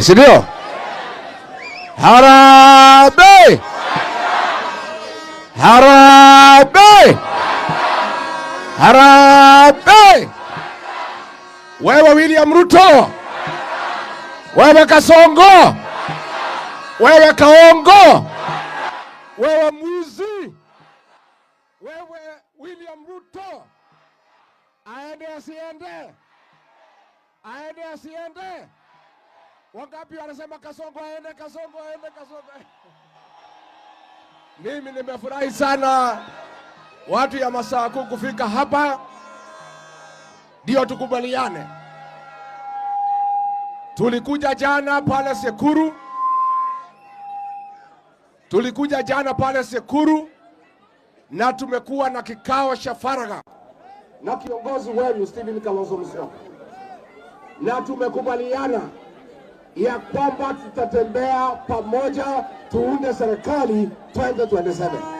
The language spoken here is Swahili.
Harambee, si ndio? Harambee, harambee, Wewe William Ruto, wewe Kasongo, wewe Kaongo, wewe Muzi, wewe William Ruto, aende asiende, aende asiende. Wangapi wanasema Kasongo aende, Kasongo aende, Kasongo Mimi nimefurahi sana watu ya Masaku kufika hapa, ndio tukubaliane. Tulikuja jana pale Sekuru, tulikuja jana pale Sekuru na tumekuwa na kikao cha faragha na kiongozi wenu Stephen Kalonzo Musyoka na tumekubaliana ya kwamba tutatembea pamoja, tuunde serikali, 2027.